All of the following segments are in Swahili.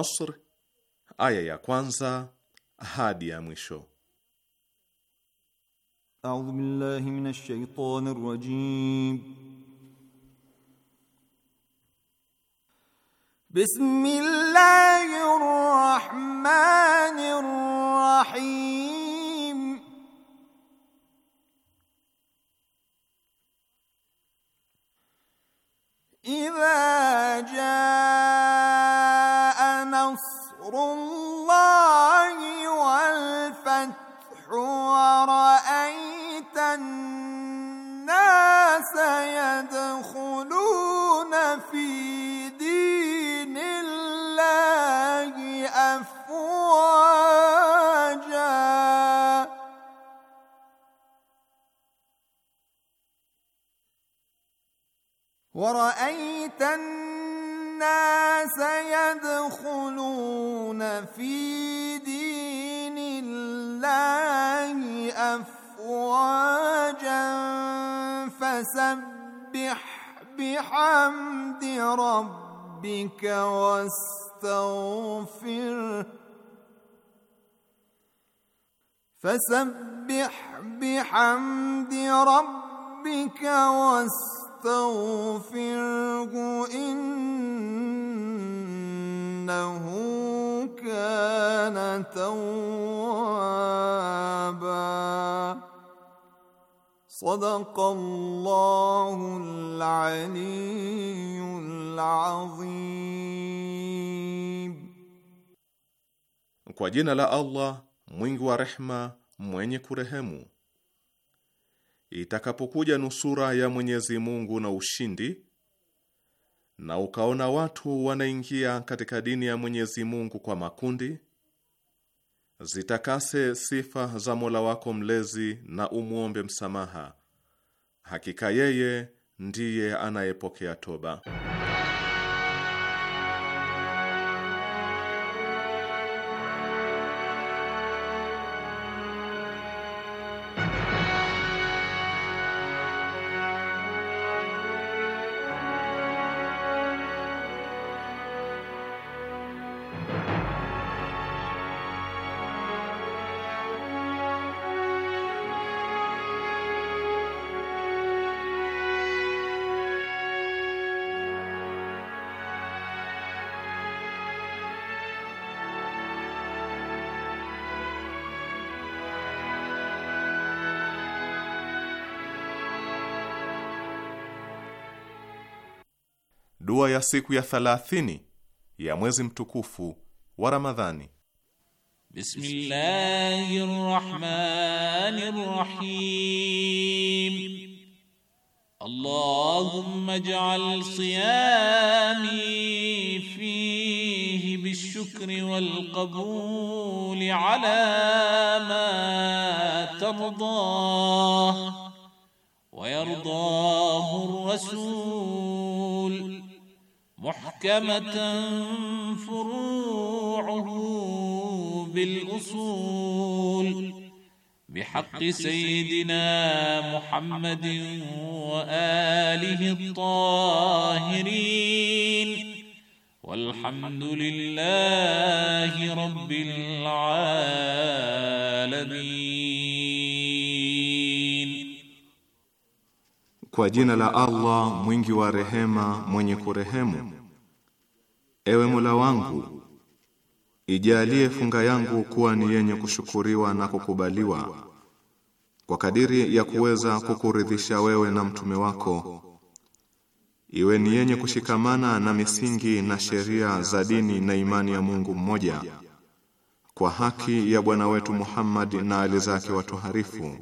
Nasr aya ya kwanza hadi ya mwisho. A'udhu billahi minash shaitanir rajim. Bismillah فسبح بحمد ربك واستغفره إنه كان توابا صدق الله العلي العظيم Kwa jina la Allah mwingi wa rehma, mwenye kurehemu. Itakapokuja nusura ya Mwenyezi Mungu na ushindi, na ukaona watu wanaingia katika dini ya Mwenyezi Mungu kwa makundi, zitakase sifa za Mola wako mlezi na umwombe msamaha. Hakika yeye ndiye anayepokea toba. Dua ya siku ya thalathini ya mwezi mtukufu wa Ramadhani. Bismillahirrahmanirrahim. Allahumma ij'al siyami fihi bishukri wal qabuli ala ma tardah wa yardahu ar-rasul محكمة فروعه بالأصول بحق سيدنا محمد وآله الطاهرين والحمد لله رب العالمين Kwa jina la Allah mwingi wa rehema mwenye kurehemu Ewe Mola wangu, ijalie funga yangu kuwa ni yenye kushukuriwa na kukubaliwa kwa kadiri ya kuweza kukuridhisha wewe na mtume wako, iwe ni yenye kushikamana na misingi na sheria za dini na imani ya Mungu mmoja, kwa haki ya bwana wetu Muhammad na ali zake watoharifu,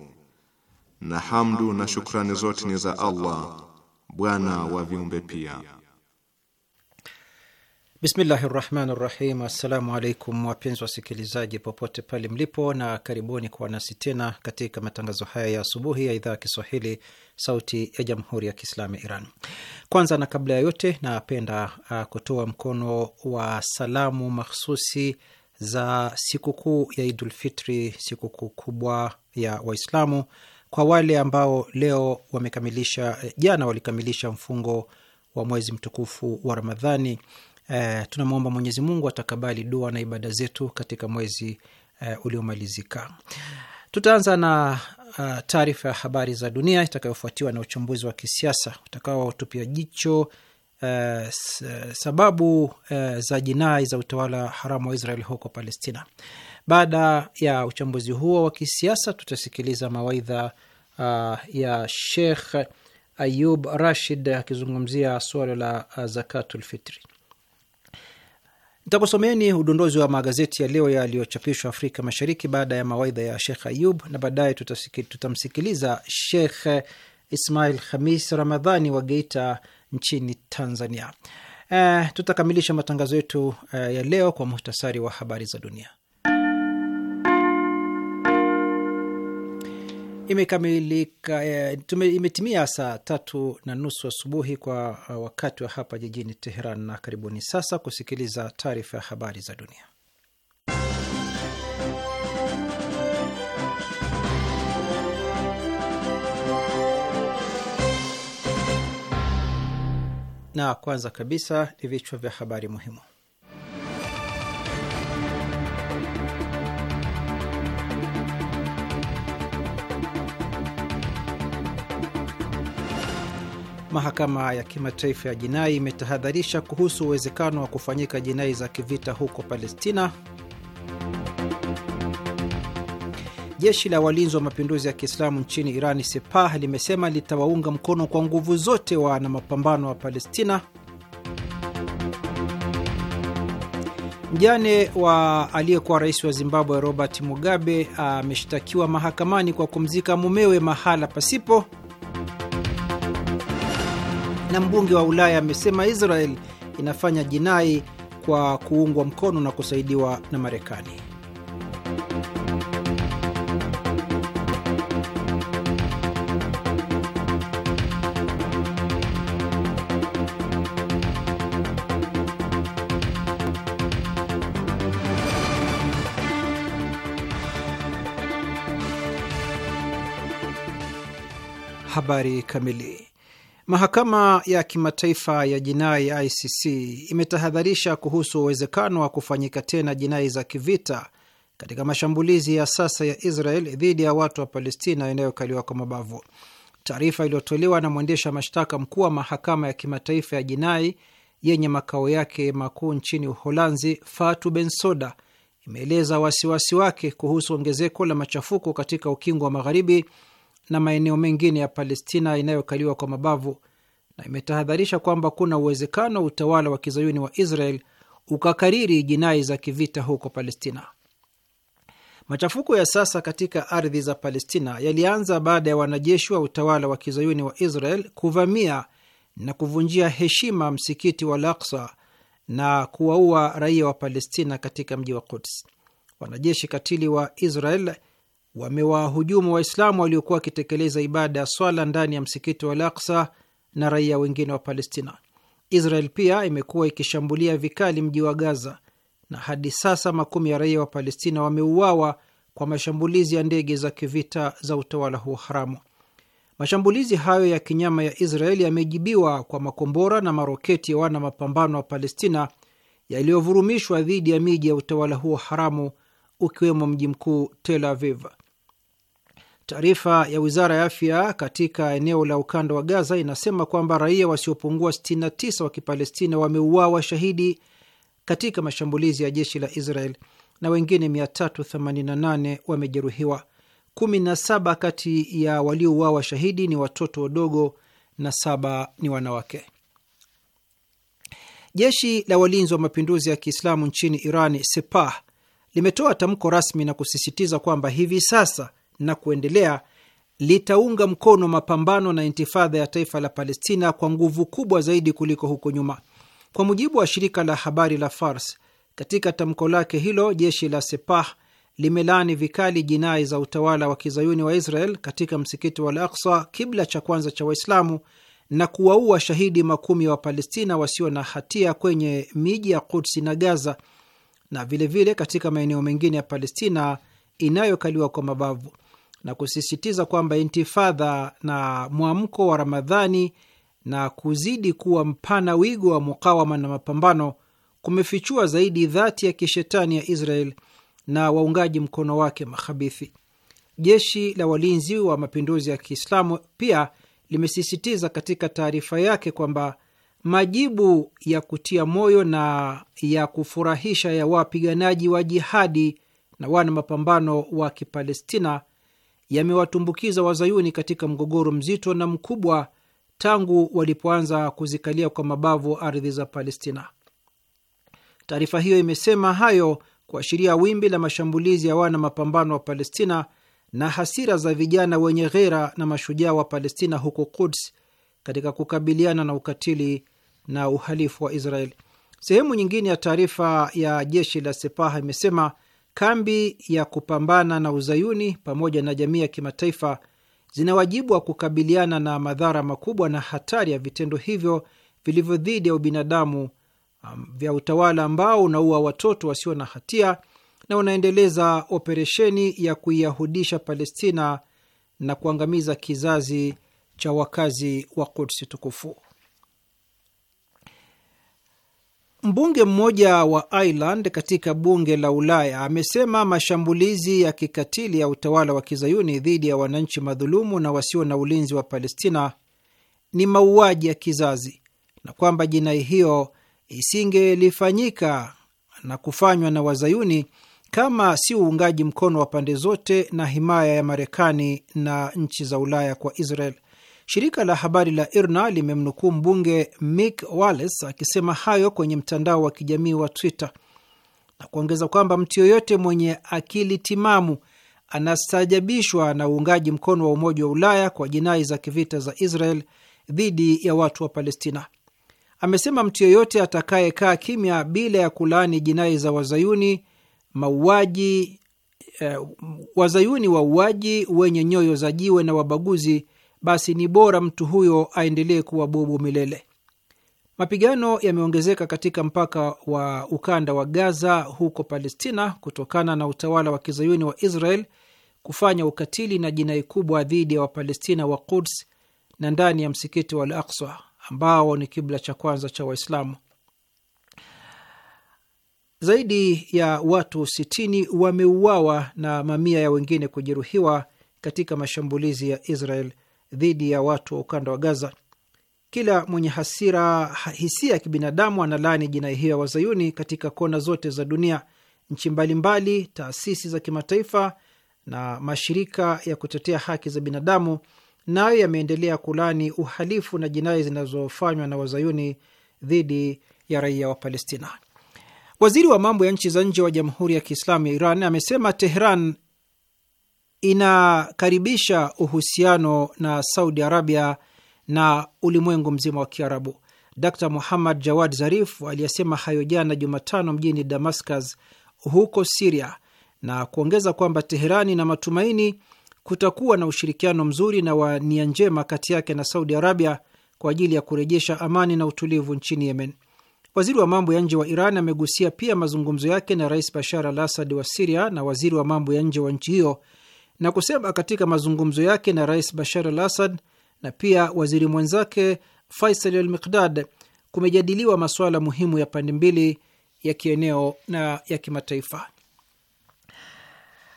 na hamdu na shukrani zote ni za Allah, bwana wa viumbe pia. Bismillahi rahmani rahim. Assalamu alaikum wapenzi wasikilizaji popote pale mlipo, na karibuni kwa nasi tena katika matangazo haya ya asubuhi ya idhaa ya Kiswahili sauti ya jamhuri ya kiislamu ya Iran. Kwanza na kabla ya yote, napenda uh, kutoa mkono wa salamu makhususi za sikukuu ya Idulfitri, sikukuu kubwa ya Waislamu, kwa wale ambao leo wamekamilisha, eh, jana walikamilisha mfungo wa mwezi mtukufu wa Ramadhani eh, tunamwomba Mwenyezi Mungu atakabali dua na ibada zetu katika mwezi eh, uliomalizika. Tutaanza na uh, taarifa ya habari za dunia itakayofuatiwa na uchambuzi wa kisiasa utakaotupia jicho Uh, sababu uh, za jinai za utawala haramu wa israel huko Palestina. Baada ya uchambuzi huo wa kisiasa, tutasikiliza mawaidha uh, ya Sheikh Ayub Rashid akizungumzia suala la uh, zakatul fitri. Nitakusomeeni udondozi wa magazeti ya leo yaliyochapishwa Afrika Mashariki baada ya mawaidha ya Shekh Ayub, na baadaye tutamsikiliza Shekh Ismail Khamis Ramadhani wa Geita nchini Tanzania. Uh, tutakamilisha matangazo yetu uh, ya leo kwa muhtasari wa habari za dunia. imekamilika, e, imetimia saa tatu na nusu asubuhi kwa uh, wakati wa hapa jijini Teheran, na karibuni sasa kusikiliza taarifa ya habari za dunia. Na kwanza kabisa ni vichwa vya habari muhimu. Mahakama ya Kimataifa ya Jinai imetahadharisha kuhusu uwezekano wa kufanyika jinai za kivita huko Palestina. Jeshi la walinzi wa mapinduzi ya Kiislamu nchini Irani, Sepah, limesema litawaunga mkono kwa nguvu zote wana mapambano wa Palestina. Mjane wa aliyekuwa rais wa Zimbabwe Robert Mugabe ameshtakiwa mahakamani kwa kumzika mumewe mahala pasipo na mbunge wa Ulaya amesema Israel inafanya jinai kwa kuungwa mkono na kusaidiwa na Marekani. Habari kamili. Mahakama ya kimataifa ya jinai ICC imetahadharisha kuhusu uwezekano wa kufanyika tena jinai za kivita katika mashambulizi ya sasa ya Israel dhidi ya watu wa Palestina inayokaliwa kwa mabavu. Taarifa iliyotolewa na mwendesha mashtaka mkuu wa mahakama ya kimataifa ya jinai yenye makao yake makuu nchini Uholanzi, Fatu Bensoda, imeeleza wasiwasi wake kuhusu ongezeko la machafuko katika ukingo wa magharibi na maeneo mengine ya Palestina inayokaliwa kwa mabavu na imetahadharisha kwamba kuna uwezekano utawala wa kizayuni wa Israel ukakariri jinai za kivita huko Palestina. Machafuko ya sasa katika ardhi za Palestina yalianza baada ya wanajeshi wa utawala wa kizayuni wa Israel kuvamia na kuvunjia heshima msikiti wa Al-Aqsa na kuwaua raia wa Palestina katika mji wa Quds. Wanajeshi katili wa Israel wamewahujumu Waislamu waliokuwa wakitekeleza ibada ya swala ndani ya msikiti wa Al-Aqsa na raia wengine wa Palestina. Israel pia imekuwa ikishambulia vikali mji wa Gaza na hadi sasa makumi ya raia wa Palestina wameuawa kwa mashambulizi ya ndege za kivita za utawala huo haramu. Mashambulizi hayo ya kinyama ya Israeli yamejibiwa kwa makombora na maroketi ya wana mapambano wa Palestina yaliyovurumishwa dhidi ya miji ya utawala huo haramu ukiwemo mji mkuu Tel Aviv. Taarifa ya wizara ya afya katika eneo la ukanda wa Gaza inasema kwamba raia wasiopungua 69 wa Kipalestina wameuawa shahidi katika mashambulizi ya jeshi la Israel na wengine 388 wamejeruhiwa. 17 kati ya waliouawa shahidi ni watoto wadogo na saba ni wanawake. Jeshi la walinzi wa mapinduzi ya Kiislamu nchini Iran, Sepah, limetoa tamko rasmi na kusisitiza kwamba hivi sasa na kuendelea litaunga mkono mapambano na intifadha ya taifa la Palestina kwa nguvu kubwa zaidi kuliko huko nyuma, kwa mujibu wa shirika la habari la Fars. Katika tamko lake hilo, jeshi la Sepah limelaani vikali jinai za utawala wa kizayuni wa Israel katika msikiti wa Al-Aqsa, kibla cha kwanza cha Waislamu, na kuwaua shahidi makumi wa Palestina wasio na hatia kwenye miji ya Kudsi na Gaza, na vilevile vile katika maeneo mengine ya Palestina inayokaliwa kwa mabavu na kusisitiza kwamba intifadha na mwamko wa Ramadhani na kuzidi kuwa mpana wigo wa mukawama na mapambano kumefichua zaidi dhati ya kishetani ya Israel na waungaji mkono wake makhabithi. Jeshi la walinzi wa mapinduzi ya Kiislamu pia limesisitiza katika taarifa yake kwamba majibu ya kutia moyo na ya kufurahisha ya wapiganaji wa jihadi na wana mapambano wa Kipalestina yamewatumbukiza wazayuni katika mgogoro mzito na mkubwa tangu walipoanza kuzikalia kwa mabavu ardhi za Palestina. Taarifa hiyo imesema hayo kuashiria wimbi la mashambulizi ya wana mapambano wa Palestina na hasira za vijana wenye ghera na mashujaa wa Palestina huko Quds katika kukabiliana na ukatili na uhalifu wa israel Sehemu nyingine ya taarifa ya jeshi la Sepaha imesema kambi ya kupambana na uzayuni pamoja na jamii ya kimataifa zina wajibu wa kukabiliana na madhara makubwa na hatari ya vitendo hivyo vilivyo dhidi ya ubinadamu um, vya utawala ambao unaua watoto wasio na hatia na unaendeleza operesheni ya kuiyahudisha Palestina na kuangamiza kizazi cha wakazi wa Kudsi tukufu. Mbunge mmoja wa Ireland katika bunge la Ulaya amesema mashambulizi ya kikatili ya utawala wa kizayuni dhidi ya wananchi madhulumu na wasio na ulinzi wa Palestina ni mauaji ya kizazi na kwamba jinai hiyo isingelifanyika na kufanywa na wazayuni kama si uungaji mkono wa pande zote na himaya ya Marekani na nchi za Ulaya kwa Israel. Shirika la habari la IRNA limemnukuu mbunge Mick Wallace akisema hayo kwenye mtandao wa kijamii wa Twitter na kuongeza kwamba mtu yoyote mwenye akili timamu anastajabishwa na uungaji mkono wa Umoja wa Ulaya kwa jinai za kivita za Israel dhidi ya watu wa Palestina. Amesema mtu yoyote atakayekaa kimya bila ya kulaani jinai za wazayuni mauaji, eh, wazayuni wauaji wenye nyoyo za jiwe na wabaguzi basi ni bora mtu huyo aendelee kuwa bubu milele. Mapigano yameongezeka katika mpaka wa ukanda wa Gaza huko Palestina kutokana na utawala wa kizayuni wa Israel kufanya ukatili na jinai kubwa dhidi ya Wapalestina wa Quds na ndani ya msikiti wa Al Aksa ambao ni kibla cha kwanza cha Waislamu. Zaidi ya watu 60 wameuawa na mamia ya wengine kujeruhiwa katika mashambulizi ya Israel dhidi ya watu wa ukanda wa Gaza. Kila mwenye hasira, hisia ya kibinadamu analaani jinai hiyo ya wazayuni katika kona zote za dunia. Nchi mbalimbali, taasisi za kimataifa na mashirika ya kutetea haki za binadamu nayo yameendelea kulani uhalifu na jinai zinazofanywa na wazayuni dhidi ya raia wa Palestina. Waziri wa mambo ya nchi za nje wa Jamhuri ya Kiislamu ya Iran amesema Tehran inakaribisha uhusiano na Saudi Arabia na ulimwengu mzima wa Kiarabu. d Muhammad Jawad Zarif aliyesema hayo jana Jumatano mjini Damascus huko Siria na kuongeza kwamba Teherani ina matumaini kutakuwa na ushirikiano mzuri na wa nia njema kati yake na Saudi Arabia kwa ajili ya kurejesha amani na utulivu nchini Yemen. Waziri wa mambo ya nje wa Iran amegusia pia mazungumzo yake na Rais Bashar al Assad wa Siria na waziri wa mambo ya nje wa nchi hiyo na kusema katika mazungumzo yake na Rais Bashar al Assad na pia waziri mwenzake Faisal al Miqdad kumejadiliwa masuala muhimu ya pande mbili ya kieneo na ya kimataifa.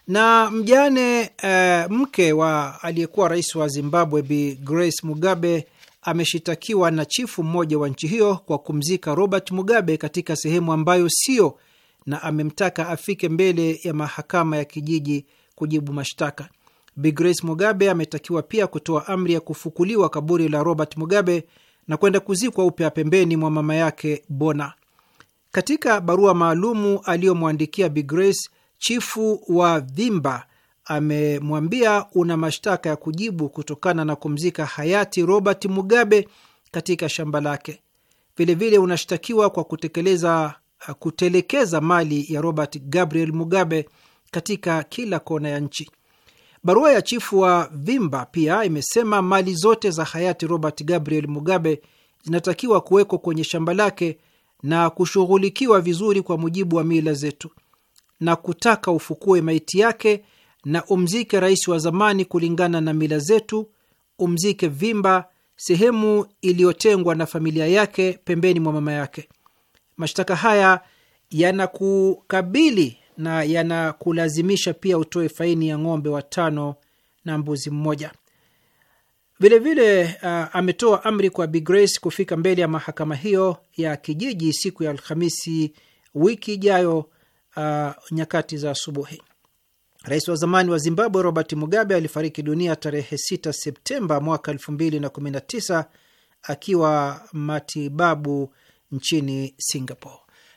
Na mjane e, mke wa aliyekuwa rais wa Zimbabwe Bi Grace Mugabe ameshitakiwa na chifu mmoja wa nchi hiyo kwa kumzika Robert Mugabe katika sehemu ambayo sio, na amemtaka afike mbele ya mahakama ya kijiji kujibu mashtaka. Bi Grace Mugabe ametakiwa pia kutoa amri ya kufukuliwa kaburi la Robert Mugabe na kwenda kuzikwa upya pembeni mwa mama yake Bona. Katika barua maalumu aliyomwandikia Bi Grace, chifu wa Vimba amemwambia una mashtaka ya kujibu kutokana na kumzika hayati Robert Mugabe katika shamba lake. Vilevile unashtakiwa kwa kutekeleza kutelekeza mali ya Robert Gabriel Mugabe katika kila kona ya nchi. Barua ya chifu wa Vimba pia imesema mali zote za hayati Robert Gabriel Mugabe zinatakiwa kuwekwa kwenye shamba lake na kushughulikiwa vizuri kwa mujibu wa mila zetu, na kutaka ufukue maiti yake na umzike rais wa zamani kulingana na mila zetu, umzike Vimba, sehemu iliyotengwa na familia yake, pembeni mwa mama yake. Mashtaka haya yanakukabili na yanakulazimisha pia utoe faini ya ng'ombe watano na mbuzi mmoja. Vilevile uh, ametoa amri kwa Bi Grace kufika mbele ya mahakama hiyo ya kijiji siku ya Alhamisi wiki ijayo, uh, nyakati za asubuhi. Rais wa zamani wa Zimbabwe Robert Mugabe alifariki dunia tarehe 6 Septemba mwaka 2019 akiwa matibabu nchini Singapore.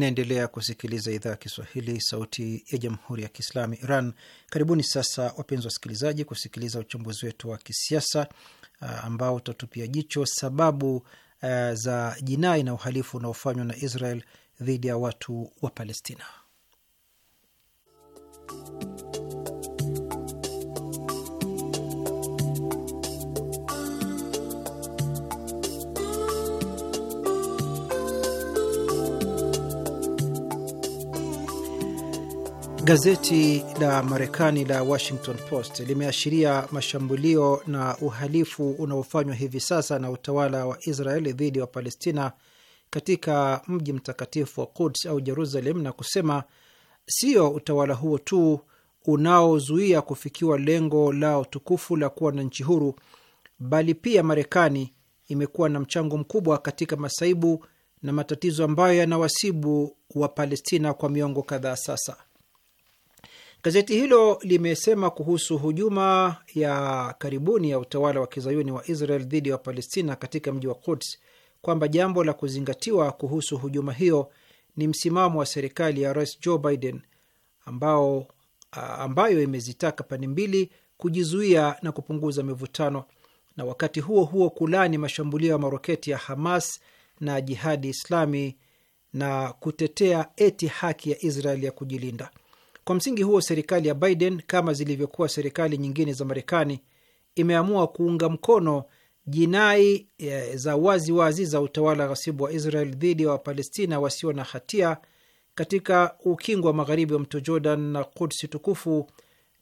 Mnaendelea kusikiliza idhaa ya Kiswahili, sauti ya jamhuri ya kiislamu Iran. Karibuni sasa, wapenzi wasikilizaji, kusikiliza uchambuzi wetu wa kisiasa ah, ambao utatupia jicho sababu ah, za jinai na uhalifu unaofanywa na Israel dhidi ya watu wa Palestina. Gazeti la Marekani la Washington Post limeashiria mashambulio na uhalifu unaofanywa hivi sasa na utawala wa Israeli dhidi ya Palestina katika mji mtakatifu wa Quds au Jerusalem na kusema sio utawala huo tu unaozuia kufikiwa lengo lao tukufu la kuwa na nchi huru, bali pia Marekani imekuwa na mchango mkubwa katika masaibu na matatizo ambayo yanawasibu wa Palestina kwa miongo kadhaa sasa. Gazeti hilo limesema kuhusu hujuma ya karibuni ya utawala wa kizayuni wa Israel dhidi ya wa Wapalestina katika mji wa Quds kwamba jambo la kuzingatiwa kuhusu hujuma hiyo ni msimamo wa serikali ya Rais Joe Biden ambao, ambayo imezitaka pande mbili kujizuia na kupunguza mivutano na wakati huo huo kulani mashambulio ya maroketi ya Hamas na Jihadi Islami na kutetea eti haki ya Israel ya kujilinda. Kwa msingi huo, serikali ya Biden kama zilivyokuwa serikali nyingine za Marekani imeamua kuunga mkono jinai eh, za wazi wazi za utawala ghasibu wa Israel dhidi ya wa Wapalestina wasio na hatia katika ukingo wa magharibi wa mto Jordan na Kudsi tukufu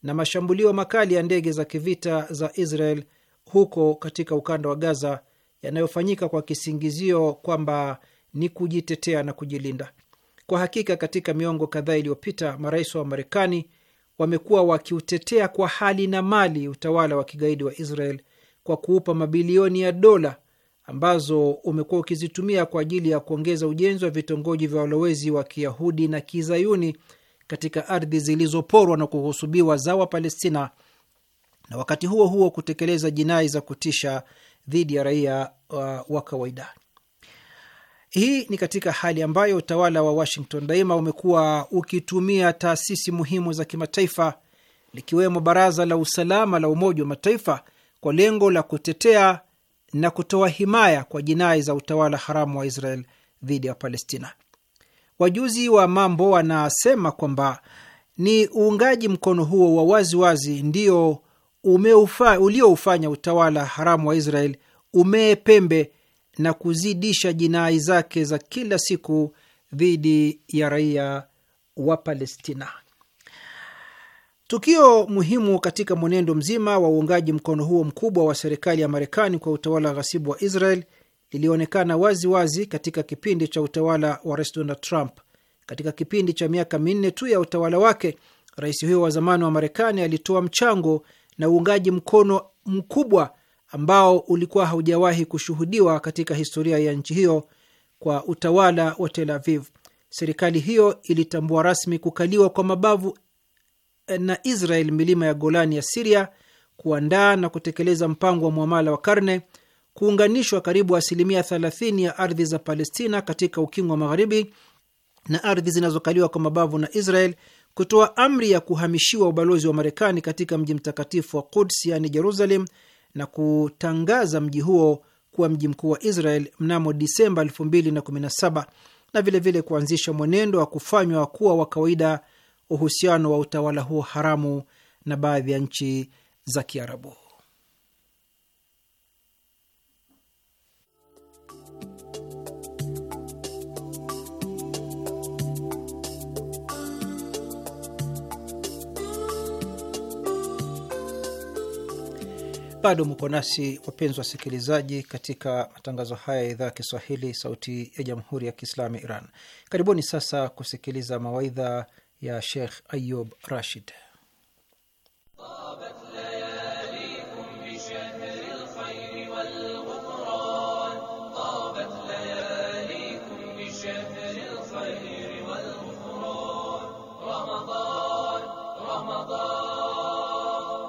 na mashambulio makali ya ndege za kivita za Israel huko katika ukanda wa Gaza yanayofanyika kwa kisingizio kwamba ni kujitetea na kujilinda. Kwa hakika katika miongo kadhaa iliyopita marais wa Marekani wamekuwa wakiutetea kwa hali na mali utawala wa kigaidi wa Israel kwa kuupa mabilioni ya dola ambazo umekuwa ukizitumia kwa ajili ya kuongeza ujenzi wa vitongoji vya walowezi wa Kiyahudi na Kizayuni katika ardhi zilizoporwa na kuhusubiwa za Wapalestina na wakati huo huo kutekeleza jinai za kutisha dhidi ya raia uh, wa kawaida. Hii ni katika hali ambayo utawala wa Washington daima umekuwa ukitumia taasisi muhimu za kimataifa likiwemo Baraza la Usalama la Umoja wa Mataifa kwa lengo la kutetea na kutoa himaya kwa jinai za utawala haramu wa Israel dhidi ya Palestina. Wajuzi wa mambo wanasema kwamba ni uungaji mkono huo wa waziwazi wazi ndio ulioufanya utawala haramu wa Israel umee pembe na kuzidisha jinai zake za kila siku dhidi ya raia wa Palestina. Tukio muhimu katika mwenendo mzima wa uungaji mkono huo mkubwa wa serikali ya Marekani kwa utawala ghasibu wa Israel lilionekana wazi wazi katika kipindi cha utawala wa Rais Donald Trump. Katika kipindi cha miaka minne tu ya utawala wake, rais huyo wa zamani wa Marekani alitoa mchango na uungaji mkono mkubwa ambao ulikuwa haujawahi kushuhudiwa katika historia ya nchi hiyo kwa utawala wa Tel Aviv. Serikali hiyo ilitambua rasmi kukaliwa kwa mabavu eh, na Israel milima ya Golani ya Siria, kuandaa na kutekeleza mpango wa mwamala wa karne, kuunganishwa karibu asilimia 30 ya ardhi za Palestina katika ukingo wa Magharibi na ardhi zinazokaliwa kwa mabavu na Israel, kutoa amri ya kuhamishiwa ubalozi wa Marekani katika mji mtakatifu wa Quds, yaani Jerusalem, na kutangaza mji huo kuwa mji mkuu wa Israel mnamo Disemba 2017 na vilevile vile kuanzisha mwenendo wa kufanywa kuwa wa kawaida uhusiano wa utawala huo haramu na baadhi ya nchi za Kiarabu. Bado mko nasi wapenzi wasikilizaji, katika matangazo haya ya idhaa ya Kiswahili, Sauti ya Jamhuri ya Kiislamu Iran. Karibuni sasa kusikiliza mawaidha ya Sheikh Ayub Rashid.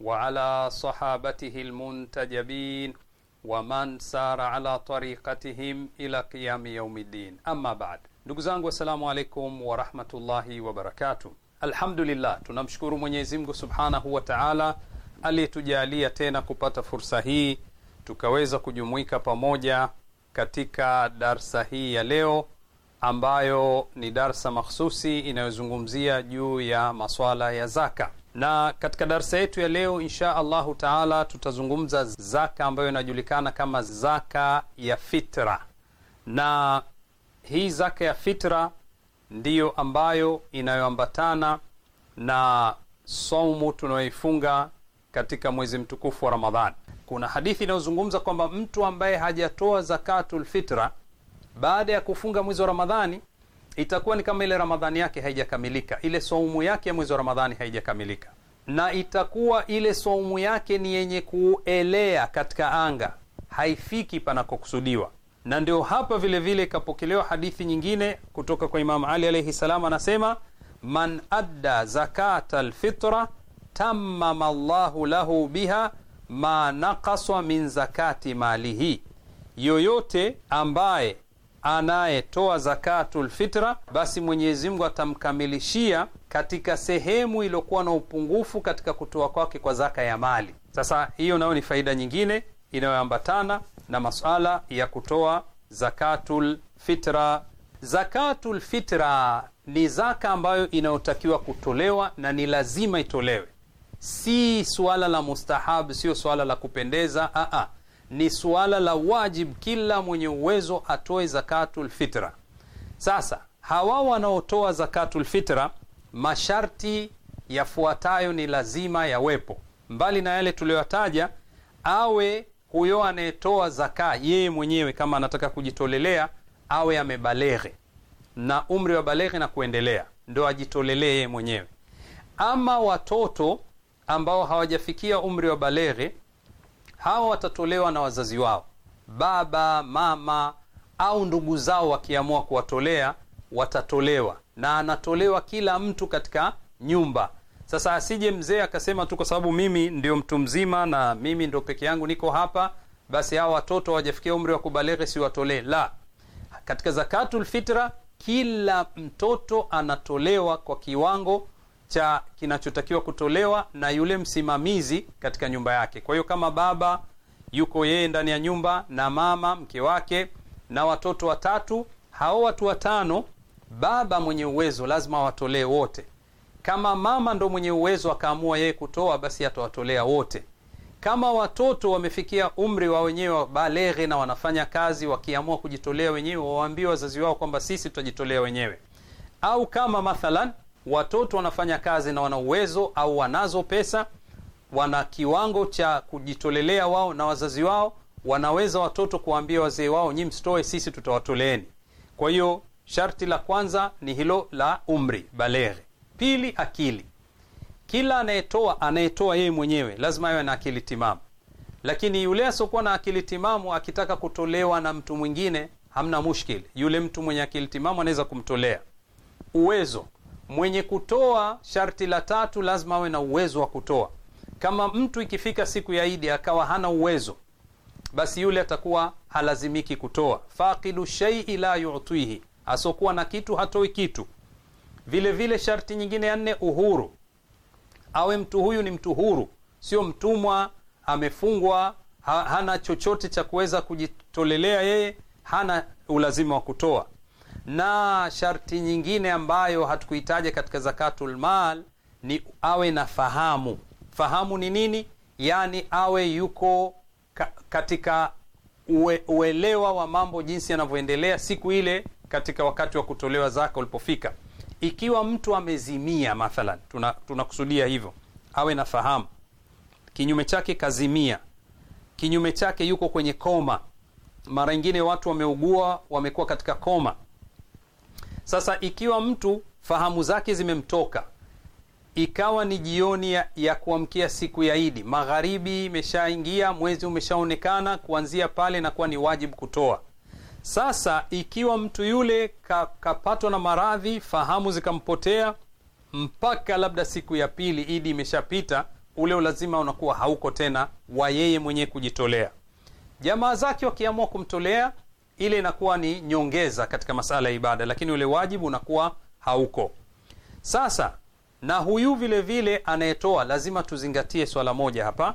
وعلى صحابته المنتجبين ومن سار على طريقتهم إلى قيام يوم الدين أما بعد ndugu zangu, assalamu alaikum warahmatullahi wabarakatuh. Alhamdulillah, tunamshukuru Mwenyezi Mungu subhanahu wa taala aliyetujalia tena kupata fursa hii tukaweza kujumuika pamoja katika darsa hii ya leo ambayo ni darsa makhsusi inayozungumzia juu ya maswala ya zaka na katika darsa yetu ya leo insha allahu taala tutazungumza zaka ambayo inajulikana kama zaka ya fitra, na hii zaka ya fitra ndiyo ambayo inayoambatana na saumu tunayoifunga katika mwezi mtukufu wa ramadhan Kuna hadithi inayozungumza kwamba mtu ambaye hajatoa zakatulfitra baada ya kufunga mwezi wa Ramadhani itakuwa ni kama ile Ramadhani yake haijakamilika, ile saumu yake ya mwezi wa Ramadhani haijakamilika, na itakuwa ile saumu yake ni yenye kuelea katika anga, haifiki panakokusudiwa. Na ndio hapa vilevile ikapokelewa vile hadithi nyingine kutoka kwa Imamu Ali alaihi salam, anasema man adda zakata lfitra tamama llahu lahu biha ma nakaswa min zakati malihi, yoyote ambaye anayetoa zakatul fitra, basi Mwenyezi Mungu atamkamilishia katika sehemu iliyokuwa na upungufu katika kutoa kwake kwa zaka ya mali. Sasa hiyo nayo ni faida nyingine inayoambatana na masala ya kutoa zakatul fitra. Zakatul fitra ni zaka ambayo inayotakiwa kutolewa na ni lazima itolewe, si suala la mustahabu, sio suala la kupendeza. Aa, ni suala la wajib, kila mwenye uwezo atoe zakatu lfitra. Sasa hawa wanaotoa zakatu lfitra, masharti yafuatayo ni lazima yawepo, mbali na yale tuliyoyataja. Awe huyo anayetoa zaka yeye mwenyewe, kama anataka kujitolelea, awe amebaleghe na umri wa baleghe na kuendelea, ndo ajitolelee yeye mwenyewe. Ama watoto ambao hawajafikia umri wa baleghe hawa watatolewa na wazazi wao, baba mama au ndugu zao wakiamua kuwatolea watatolewa, na anatolewa kila mtu katika nyumba. Sasa asije mzee akasema tu kwa sababu mimi ndio mtu mzima na mimi ndo peke yangu niko hapa, basi hawa watoto hawajafikia umri wa kubalehe siwatolee. La, katika zakatulfitra kila mtoto anatolewa kwa kiwango cha kinachotakiwa kutolewa na yule msimamizi katika nyumba yake. Kwa hiyo kama baba yuko yeye ndani ya nyumba na mama mke wake na watoto watatu, hao watu watano, baba mwenye uwezo lazima awatolee wote. Kama mama ndo mwenye uwezo akaamua yeye kutoa, basi atawatolea wote. Kama watoto wamefikia umri wa wenyewe baleghe na wanafanya kazi, wakiamua kujitolea wenyewe, wawaambie wazazi wao kwamba sisi tutajitolea wenyewe, au kama mathalan watoto wanafanya kazi na wana uwezo au wanazo pesa, wana kiwango cha kujitolelea wao na wazazi wao, wanaweza watoto kuwaambia wazee wao, nyi msitoe, sisi tutawatoleeni. Kwa hiyo sharti la kwanza ni hilo la umri baleghe. Pili, akili. Kila anayetoa anayetoa yeye mwenyewe lazima awe na akili timamu, lakini yule asiokuwa na akili timamu akitaka kutolewa na mtu mwingine hamna mushkili, yule mtu mwenye akili timamu anaweza kumtolea uwezo mwenye kutoa, sharti la tatu, lazima awe na uwezo wa kutoa. Kama mtu ikifika siku ya Idi akawa hana uwezo, basi yule atakuwa halazimiki kutoa. Faqidu shaii la yutihi, asokuwa na kitu hatoi kitu. Vile vile sharti nyingine ya nne, uhuru. Awe mtu huyu ni mtu huru, sio mtumwa, amefungwa, hana chochote cha kuweza kujitolelea yeye, hana ulazima wa kutoa na sharti nyingine ambayo hatukuitaja katika zakatul mal ni awe na fahamu. Fahamu ni nini? yani awe yuko ka, katika uwe, uelewa wa mambo jinsi yanavyoendelea siku ile katika wakati wa kutolewa zaka ulipofika. Ikiwa mtu amezimia mathalan, tunakusudia tuna hivyo, awe na fahamu. Kinyume chake kazimia, kinyume chake yuko kwenye koma. Mara ingine watu wameugua, wamekuwa katika koma sasa ikiwa mtu fahamu zake zimemtoka, ikawa ni jioni ya, ya kuamkia siku ya Idi, magharibi imeshaingia, mwezi umeshaonekana, kuanzia pale inakuwa ni wajibu kutoa. Sasa ikiwa mtu yule kapatwa na maradhi, fahamu zikampotea mpaka labda siku ya pili, Idi imeshapita, ule ulazima unakuwa hauko tena wa yeye mwenyewe kujitolea. Jamaa zake wakiamua kumtolea ile inakuwa ni nyongeza katika masala ya ibada, lakini ule wajibu unakuwa hauko. Sasa na huyu vile vile anayetoa, lazima tuzingatie swala moja hapa.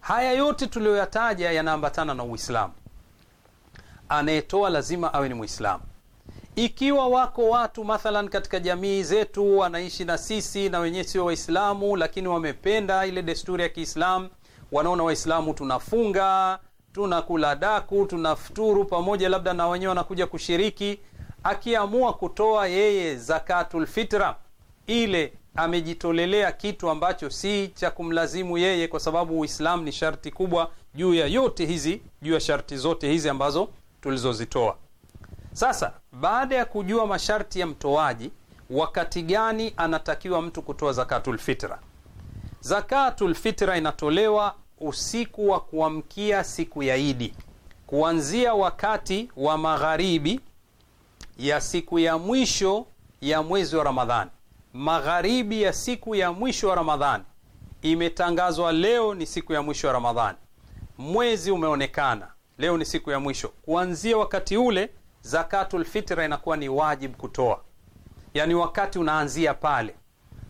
Haya yote tuliyoyataja yanaambatana na Uislamu. Anayetoa lazima awe ni Mwislamu. Ikiwa wako watu mathalan katika jamii zetu wanaishi na sisi na wenyewe sio Waislamu, lakini wamependa ile desturi ya Kiislamu, wanaona Waislamu tunafunga tunakula daku, tunafuturu pamoja, labda na wenyewe wanakuja kushiriki. Akiamua kutoa yeye zakatulfitra ile, amejitolelea kitu ambacho si cha kumlazimu yeye, kwa sababu Uislamu ni sharti kubwa juu ya yote hizi, juu ya sharti zote hizi ambazo tulizozitoa. Sasa baada ya kujua masharti ya mtoaji, wakati gani anatakiwa mtu kutoa zakatulfitra zakatulfitra inatolewa usiku wa kuamkia siku ya Idi, kuanzia wakati wa magharibi ya siku ya mwisho ya mwezi wa Ramadhani. Magharibi ya siku ya mwisho wa Ramadhani imetangazwa, leo ni siku ya mwisho wa Ramadhani, mwezi umeonekana, leo ni siku ya mwisho. Kuanzia wakati ule, zakatul fitra inakuwa ni wajibu kutoa, yani wakati unaanzia pale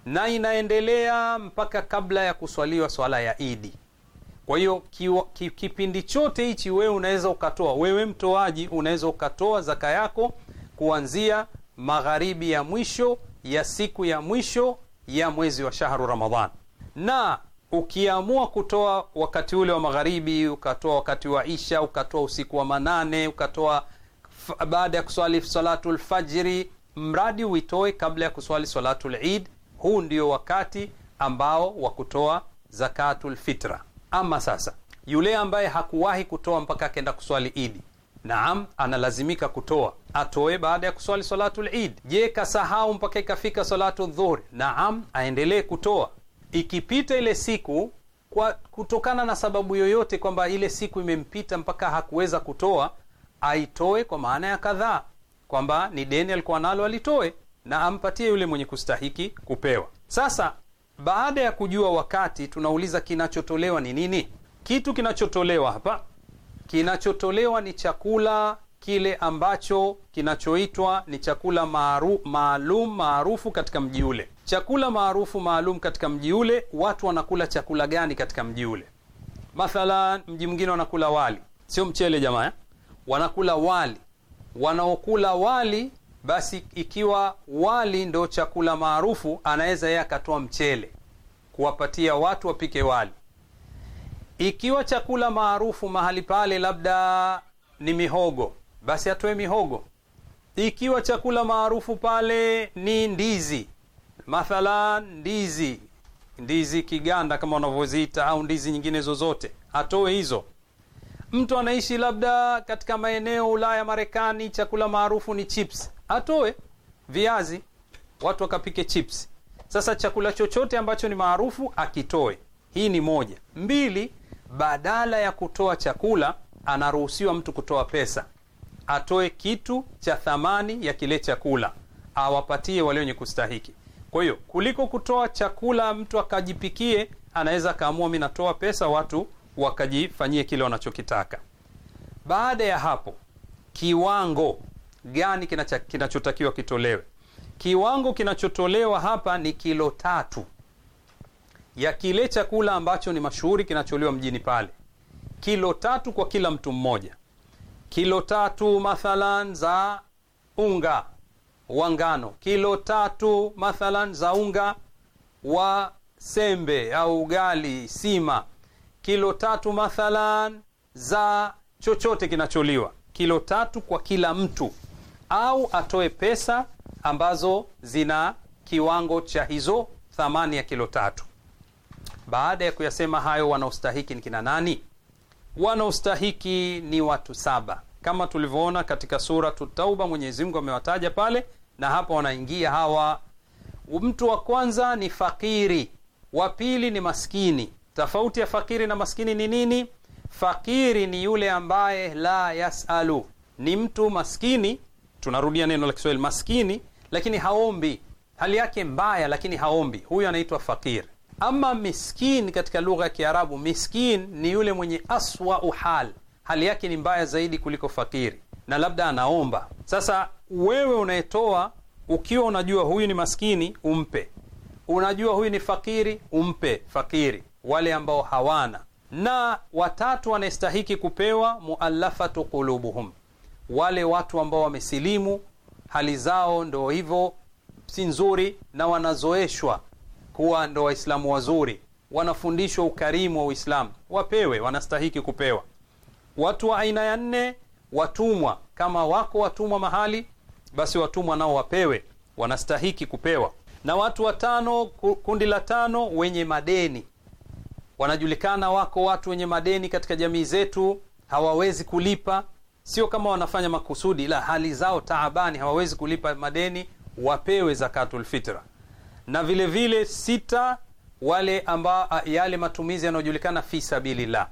na inaendelea mpaka kabla ya kuswaliwa swala ya Idi. Kwa hiyo kipindi chote hichi wewe unaweza ukatoa, wewe mtoaji unaweza ukatoa zaka yako kuanzia magharibi ya mwisho ya siku ya mwisho ya mwezi wa shahru Ramadhan, na ukiamua kutoa wakati ule wa magharibi, ukatoa wakati wa isha, ukatoa usiku wa manane, ukatoa baada ya kuswali salatu lfajiri, mradi uitoe kabla ya kuswali salatu lid. Huu ndio wakati ambao wa kutoa zakatu lfitra. Ama sasa yule ambaye hakuwahi kutoa mpaka akenda kuswali Idi, naam, analazimika kutoa, atoe baada ya kuswali salatu lidi. Je, kasahau mpaka ikafika salatu dhuhuri? Naam, aendelee kutoa. Ikipita ile siku kwa kutokana na sababu yoyote kwamba ile siku imempita mpaka hakuweza kutoa, aitoe kwa maana ya kadhaa, kwamba ni deni alikuwa nalo alitoe, na ampatie yule mwenye kustahiki kupewa. Sasa baada ya kujua wakati, tunauliza kinachotolewa ni nini? Kitu kinachotolewa hapa, kinachotolewa ni chakula kile ambacho kinachoitwa ni chakula maaru, maalum maarufu katika mji ule. Chakula maarufu maalum katika mji ule, watu wanakula chakula gani katika mji ule? Mathalan, mji mwingine wanakula wali, sio mchele jamaa, eh? wanakula wali. Wanaokula wali basi ikiwa wali ndo chakula maarufu, anaweza yeye akatoa mchele kuwapatia watu wapike wali. Ikiwa chakula maarufu mahali pale labda ni mihogo, basi atoe mihogo. Ikiwa chakula maarufu pale ni ndizi, mathalan ndizi ndizi kiganda kama wanavyoziita au ndizi nyingine zozote, atoe hizo. Mtu anaishi labda katika maeneo Ulaya, Marekani, chakula maarufu ni chips atoe viazi, watu wakapike chips. Sasa chakula chochote ambacho ni maarufu akitoe. Hii ni moja. Mbili, badala ya kutoa chakula anaruhusiwa mtu kutoa pesa, atoe kitu cha thamani ya kile chakula awapatie wale wenye kustahiki. Kwa hiyo kuliko kutoa chakula mtu akajipikie, anaweza akaamua mi natoa pesa, watu wakajifanyie kile wanachokitaka. Baada ya hapo, kiwango gani kinachotakiwa kitolewe. Kiwango kinachotolewa hapa ni kilo tatu ya kile chakula ambacho ni mashuhuri kinacholiwa mjini pale, kilo tatu kwa kila mtu mmoja. Kilo tatu mathalan za unga wa ngano, kilo tatu mathalan za unga wa sembe au ugali sima, kilo tatu mathalan za chochote kinacholiwa, kilo tatu kwa kila mtu au atoe pesa ambazo zina kiwango cha hizo thamani ya kilo tatu. Baada ya kuyasema hayo, wanaostahiki ni kina nani? Wanaostahiki ni watu saba, kama tulivyoona katika Suratu Tauba, Mwenyezi Mungu amewataja pale, na hapa wanaingia hawa. Mtu wa kwanza ni fakiri, wa pili ni maskini. Tofauti ya fakiri na maskini ni nini? Fakiri ni yule ambaye la yasalu, ni mtu maskini tunarudia neno la Kiswahili maskini, lakini haombi, hali yake mbaya, lakini haombi, huyo anaitwa fakir. Ama miskin katika lugha ya Kiarabu, miskin ni yule mwenye aswa uhal, hali yake ni mbaya zaidi kuliko fakiri, na labda anaomba. Sasa wewe unayetoa, ukiwa unajua huyu ni maskini, umpe. Unajua huyu ni fakiri, umpe fakiri, wale ambao hawana. Na watatu wanastahiki kupewa muallafatu qulubuhum wale watu ambao wamesilimu hali zao ndo hivyo si nzuri, na wanazoeshwa kuwa ndo Waislamu wazuri, wanafundishwa ukarimu wa Uislamu, wapewe, wanastahiki kupewa. Watu wa aina ya nne, watumwa. Kama wako watumwa mahali, basi watumwa nao wapewe, wanastahiki kupewa. Na watu watano, kundi la tano, wenye madeni. Wanajulikana wako watu wenye madeni katika jamii zetu, hawawezi kulipa sio kama wanafanya makusudi, la hali zao taabani, hawawezi kulipa madeni, wapewe zakatulfitra Na vile vile sita, wale amba, yale matumizi yanayojulikana fi sabilillah.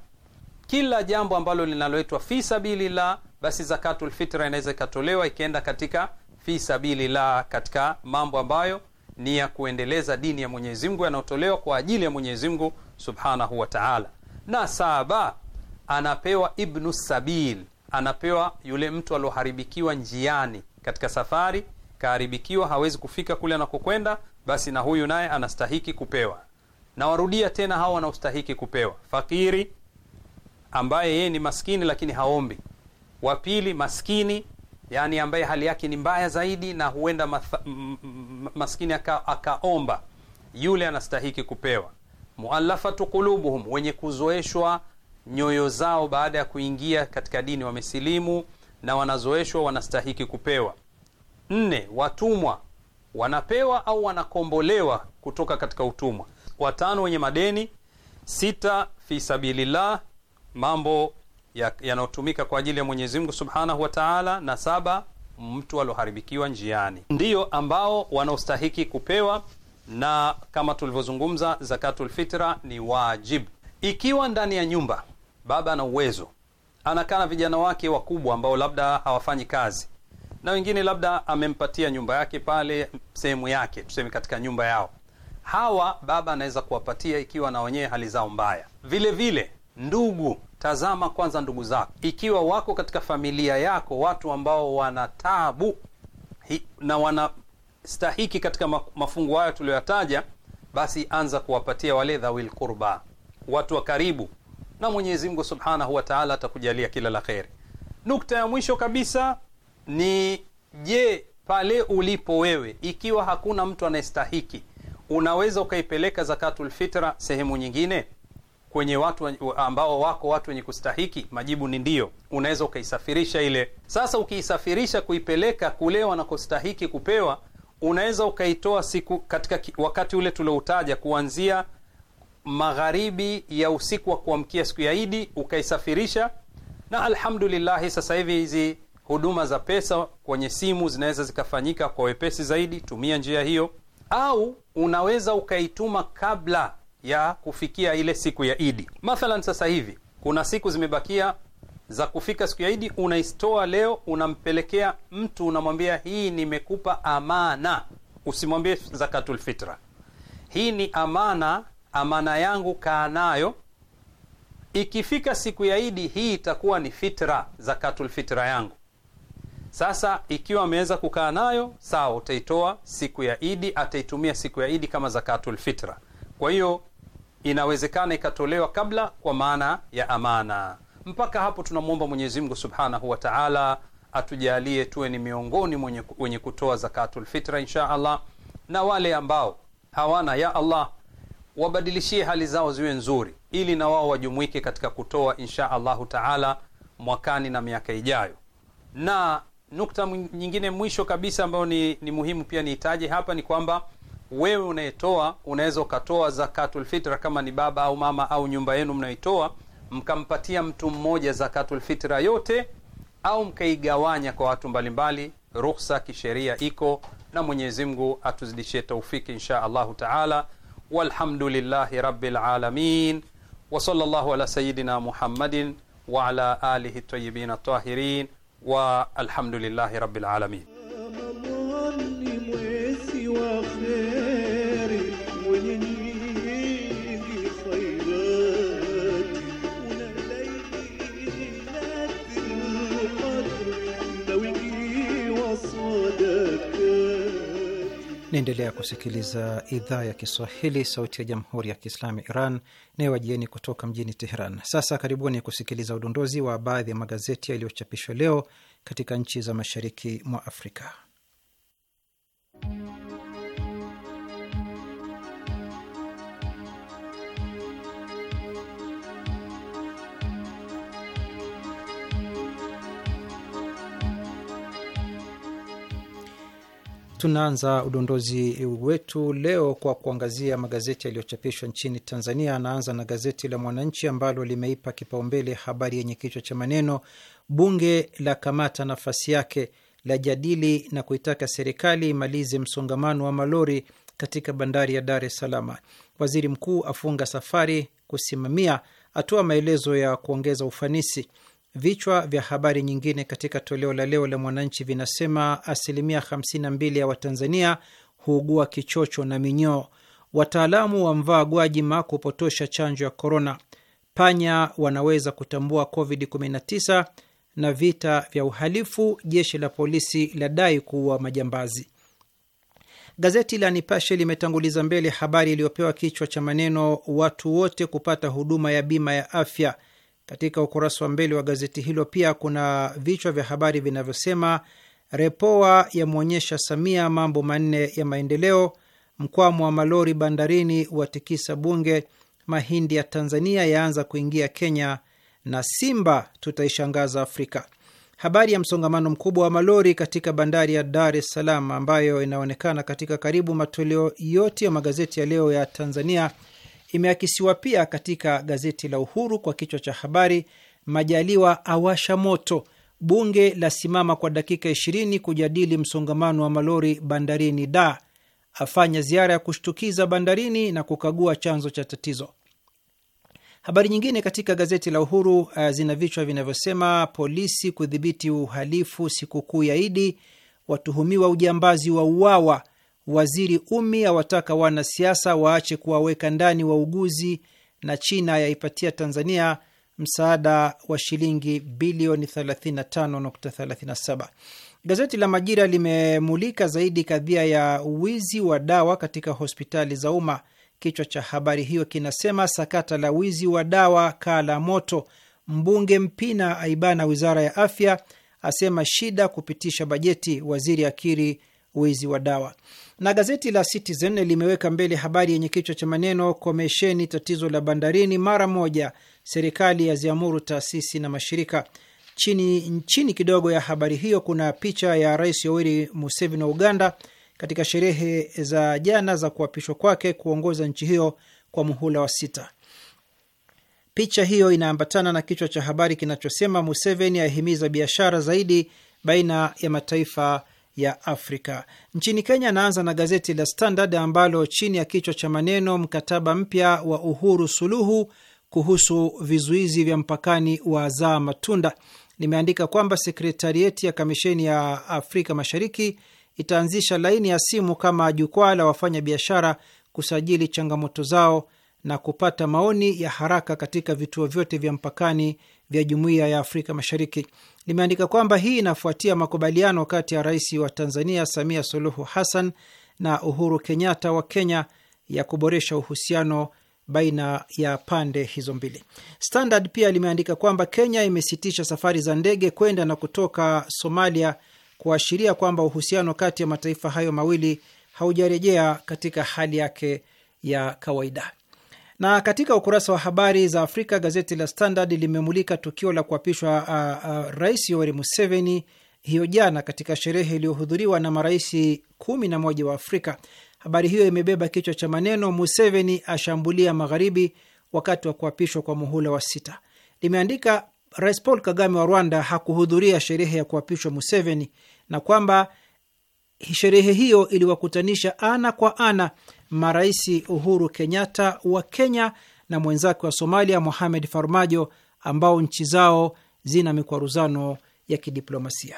Kila jambo ambalo linaloitwa fi sabilillah, basi zakatulfitra inaweza ikatolewa ikienda katika fi sabilillah, katika mambo ambayo ni ya kuendeleza dini ya Mwenyezi Mungu, yanayotolewa kwa ajili ya Mwenyezi Mungu subhanahu wataala Na saba, anapewa ibnu sabil anapewa yule mtu alioharibikiwa njiani katika safari, kaharibikiwa, hawezi kufika kule anakokwenda, basi na huyu naye anastahiki kupewa. Nawarudia tena, hawa wanaostahiki kupewa: fakiri ambaye yeye ni maskini lakini haombi. Wa pili, maskini yani ambaye hali yake ni mbaya zaidi, na huenda matha, maskini aka, akaomba, yule anastahiki kupewa. Muallafatu qulubuhum, wenye kuzoeshwa nyoyo zao baada ya kuingia katika dini wamesilimu na wanazoeshwa wanastahiki kupewa. Nne, watumwa wanapewa au wanakombolewa kutoka katika utumwa. Watano, wenye madeni. Sita, fi sabilillah, mambo yanayotumika ya kwa ajili ya Mwenyezi Mungu subhanahu wa taala. Na saba, mtu alioharibikiwa njiani, ndiyo ambao wanaostahiki kupewa, na kama tulivyozungumza, zakatul fitra ni wajibu ikiwa ndani ya nyumba baba ana uwezo, anakaa na vijana wake wakubwa ambao labda hawafanyi kazi, na wengine labda amempatia nyumba yake pale, sehemu yake tuseme, katika nyumba yao. Hawa baba anaweza kuwapatia ikiwa anaonyee hali zao mbaya. Vile vile ndugu, tazama kwanza ndugu zako, ikiwa wako katika familia yako watu ambao wana tabu na wanastahiki katika mafungu hayo tuliyoyataja, basi anza kuwapatia wale dhawil qurba, watu wa karibu na Mwenyezi Mungu Subhanahu wataala atakujalia kila la kheri. Nukta ya mwisho kabisa ni je, pale ulipo wewe, ikiwa hakuna mtu anayestahiki, unaweza ukaipeleka zakatul fitra sehemu nyingine kwenye watu ambao wako watu wenye kustahiki? Majibu ni ndiyo, unaweza ukaisafirisha ile. Sasa ukiisafirisha kuipeleka kule wanakostahiki kupewa, unaweza ukaitoa siku katika wakati ule tulioutaja kuanzia magharibi ya usiku wa kuamkia siku ya Idi ukaisafirisha, na alhamdulillahi, sasa hivi hizi huduma za pesa kwenye simu zinaweza zikafanyika kwa wepesi zaidi. Tumia njia hiyo, au unaweza ukaituma kabla ya kufikia ile siku ya Idi. Mathalan, sasa hivi kuna siku zimebakia za kufika siku ya Idi, unaistoa leo, unampelekea mtu, unamwambia hii nimekupa amana. Usimwambie zakatulfitra, hii ni amana amana yangu kaa nayo, ikifika siku ya Idi hii itakuwa ni fitra, zakatul fitra yangu. Sasa ikiwa ameweza kukaa nayo sawa, utaitoa siku ya Idi, ataitumia siku ya Idi kama zakatul fitra. Kwa hiyo inawezekana ikatolewa kabla, kwa maana ya amana. Mpaka hapo tunamwomba Mwenyezi Mungu subhanahu wa taala atujalie tuwe ni miongoni mwenye, wenye kutoa zakatul fitra insha Allah, na wale ambao hawana ya Allah wabadilishie hali zao ziwe nzuri, ili na wao wajumuike katika kutoa insha Allahu taala mwakani na miaka ijayo. Na nukta nyingine mwisho kabisa ambayo ni, ni muhimu pia niitaje hapa ni kwamba wewe unayetoa unaweza ukatoa zakatulfitra kama ni baba au mama au nyumba yenu mnayoitoa mkampatia mtu mmoja zakatulfitra yote au mkaigawanya kwa watu mbalimbali. Ruhusa kisheria iko, na Mwenyezi Mungu atuzidishie taufiki insha Allahu taala. والحمد لله رب العالمين وصلى الله على سيدنا محمد وعلى آله الطيبين الطاهرين والحمد لله رب العالمين Naendelea kusikiliza idhaa ya Kiswahili, sauti ya jamhuri ya kiislamu ya Iran inayowajieni kutoka mjini Teheran. Sasa karibuni kusikiliza udondozi wa baadhi ya magazeti yaliyochapishwa leo katika nchi za mashariki mwa Afrika. Tunaanza udondozi wetu leo kwa kuangazia magazeti yaliyochapishwa nchini Tanzania. Anaanza na gazeti la Mwananchi ambalo limeipa kipaumbele habari yenye kichwa cha maneno bunge la kamata nafasi yake la jadili na kuitaka serikali imalize msongamano wa malori katika bandari ya Dar es Salaam. Waziri mkuu afunga safari kusimamia, atoa maelezo ya kuongeza ufanisi. Vichwa vya habari nyingine katika toleo la leo la Mwananchi vinasema asilimia 52 ya Watanzania huugua kichocho na minyoo, wataalamu wamvaa Gwajima kupotosha chanjo ya korona, panya wanaweza kutambua COVID-19 na vita vya uhalifu, jeshi la polisi ladai kuua majambazi. Gazeti la Nipashe limetanguliza mbele habari iliyopewa kichwa cha maneno watu wote kupata huduma ya bima ya afya katika ukurasa wa mbele wa gazeti hilo pia kuna vichwa vya habari vinavyosema Repoa yamwonyesha Samia mambo manne ya maendeleo, mkwamo wa malori bandarini watikisa bunge, mahindi ya Tanzania yaanza kuingia Kenya, na Simba tutaishangaza Afrika. Habari ya msongamano mkubwa wa malori katika bandari ya Dar es Salaam ambayo inaonekana katika karibu matoleo yote ya magazeti ya leo ya Tanzania imeakisiwa pia katika gazeti la Uhuru kwa kichwa cha habari, Majaliwa awasha moto, bunge la simama kwa dakika 20 kujadili msongamano wa malori bandarini, da afanya ziara ya kushtukiza bandarini na kukagua chanzo cha tatizo. Habari nyingine katika gazeti la Uhuru uh, zina vichwa vinavyosema polisi kudhibiti uhalifu sikukuu ya Idi, watuhumiwa ujambazi wa uawa Waziri Umi awataka wanasiasa waache kuwaweka ndani wauguzi, na China yaipatia Tanzania msaada wa shilingi bilioni 35.37. Gazeti la Majira limemulika zaidi kadhia ya wizi wa dawa katika hospitali za umma. Kichwa cha habari hiyo kinasema sakata la wizi wa dawa kaa la moto, mbunge Mpina aibana wizara ya afya, asema shida kupitisha bajeti, waziri akiri wizi wa dawa na gazeti la Citizen limeweka mbele habari yenye kichwa cha maneno komesheni tatizo la bandarini mara moja, serikali yaziamuru taasisi na mashirika. Chini, chini kidogo ya habari hiyo kuna picha ya Rais Yoweri Museveni wa Uganda katika sherehe za jana za kuapishwa kwake kuongoza nchi hiyo kwa muhula wa sita. Picha hiyo inaambatana na kichwa cha habari kinachosema Museveni ahimiza biashara zaidi baina ya mataifa ya Afrika. Nchini Kenya, anaanza na gazeti la Standard ambalo chini ya kichwa cha maneno mkataba mpya wa Uhuru Suluhu kuhusu vizuizi vya mpakani wa zaa matunda limeandika kwamba sekretarieti ya kamisheni ya Afrika Mashariki itaanzisha laini ya simu kama jukwaa la wafanya biashara kusajili changamoto zao na kupata maoni ya haraka katika vituo vyote vya mpakani vya jumuiya ya Afrika Mashariki limeandika kwamba hii inafuatia makubaliano kati ya rais wa Tanzania Samia Suluhu Hassan na Uhuru Kenyatta wa Kenya ya kuboresha uhusiano baina ya pande hizo mbili. Standard pia limeandika kwamba Kenya imesitisha safari za ndege kwenda na kutoka Somalia, kuashiria kwamba uhusiano kati ya mataifa hayo mawili haujarejea katika hali yake ya kawaida. Na katika ukurasa wa habari za Afrika, gazeti la Standard limemulika tukio la kuapishwa uh, uh, Rais Yoweri Museveni hiyo jana katika sherehe iliyohudhuriwa na marais kumi na moja wa Afrika. Habari hiyo imebeba kichwa cha maneno Museveni ashambulia magharibi wakati wa kuapishwa kwa muhula wa sita. Limeandika Rais Paul Kagame wa Rwanda hakuhudhuria sherehe ya kuapishwa Museveni na kwamba sherehe hiyo iliwakutanisha ana kwa ana marais Uhuru Kenyatta wa Kenya na mwenzake wa Somalia Mohamed Farmajo ambao nchi zao zina mikwaruzano ya kidiplomasia.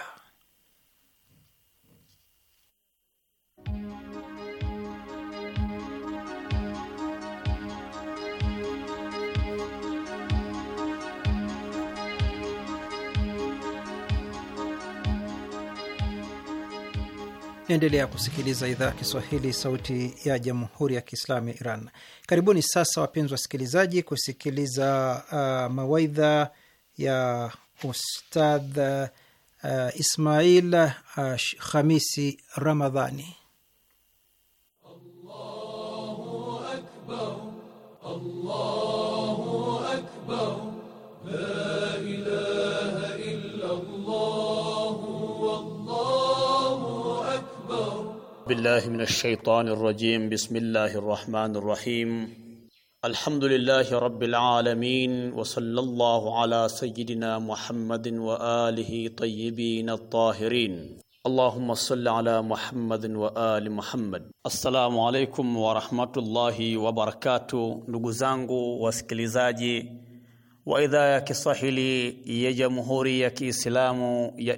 Naendelea kusikiliza idhaa ya Kiswahili, sauti ya jamhuri ya kiislamu ya Iran. Karibuni sasa, wapenzi wasikilizaji, kusikiliza uh, mawaidha ya Ustadh uh, Ismail uh, Khamisi Ramadhani. Allahu Akbar, Allah بالله من الشيطان الرجيم بسم الله الرحمن الرحيم الحمد لله رب العالمين وصلى الله على سيدنا محمد وآله طيبين الطاهرين اللهم صل على محمد وآل محمد السلام عليكم ورحمة الله وبركاته نجزانغو واسكليزاجي وإذا idhaa ya Kiswahili ya Jamhuri ya Kiislamu ya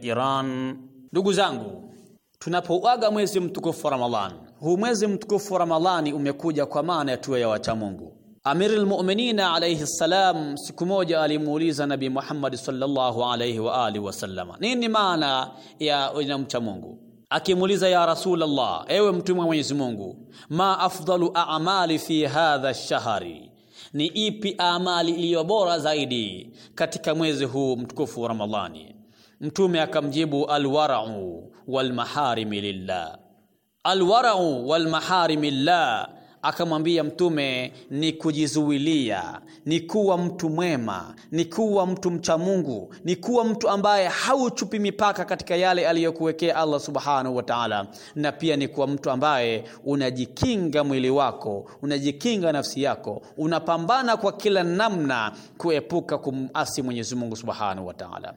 tunapouaga mwezi mtukufu wa Ramadhan. Huu mwezi mtukufu wa Ramadhani umekuja kwa maana ya tuwe ya wacha Mungu. Amirul Mu'minin alayhi salam siku moja alimuuliza Nabii Muhammad sallallahu alayhi wa alihi wasallama, nini maana ya unamcha Mungu? Akimuuliza, ya Rasulullah, ewe mtume wa Mwenyezi Mungu, ma afdalu a'mali fi hadha ash-shahri ni ipi amali iliyo bora zaidi katika mwezi huu mtukufu wa Ramadhani? Mtume akamjibu alwara'u walmaharimi lillah, alwara'u walmaharimi lillah. Akamwambia Mtume ni kujizuilia, ni kuwa mtu mwema, ni kuwa mtu mcha Mungu, ni kuwa mtu ambaye hauchupi mipaka katika yale aliyokuwekea Allah subhanahu wa ta'ala, na pia ni kuwa mtu ambaye unajikinga mwili wako, unajikinga nafsi yako, unapambana kwa kila namna kuepuka kumasi Mwenyezi Mungu subhanahu wa ta'ala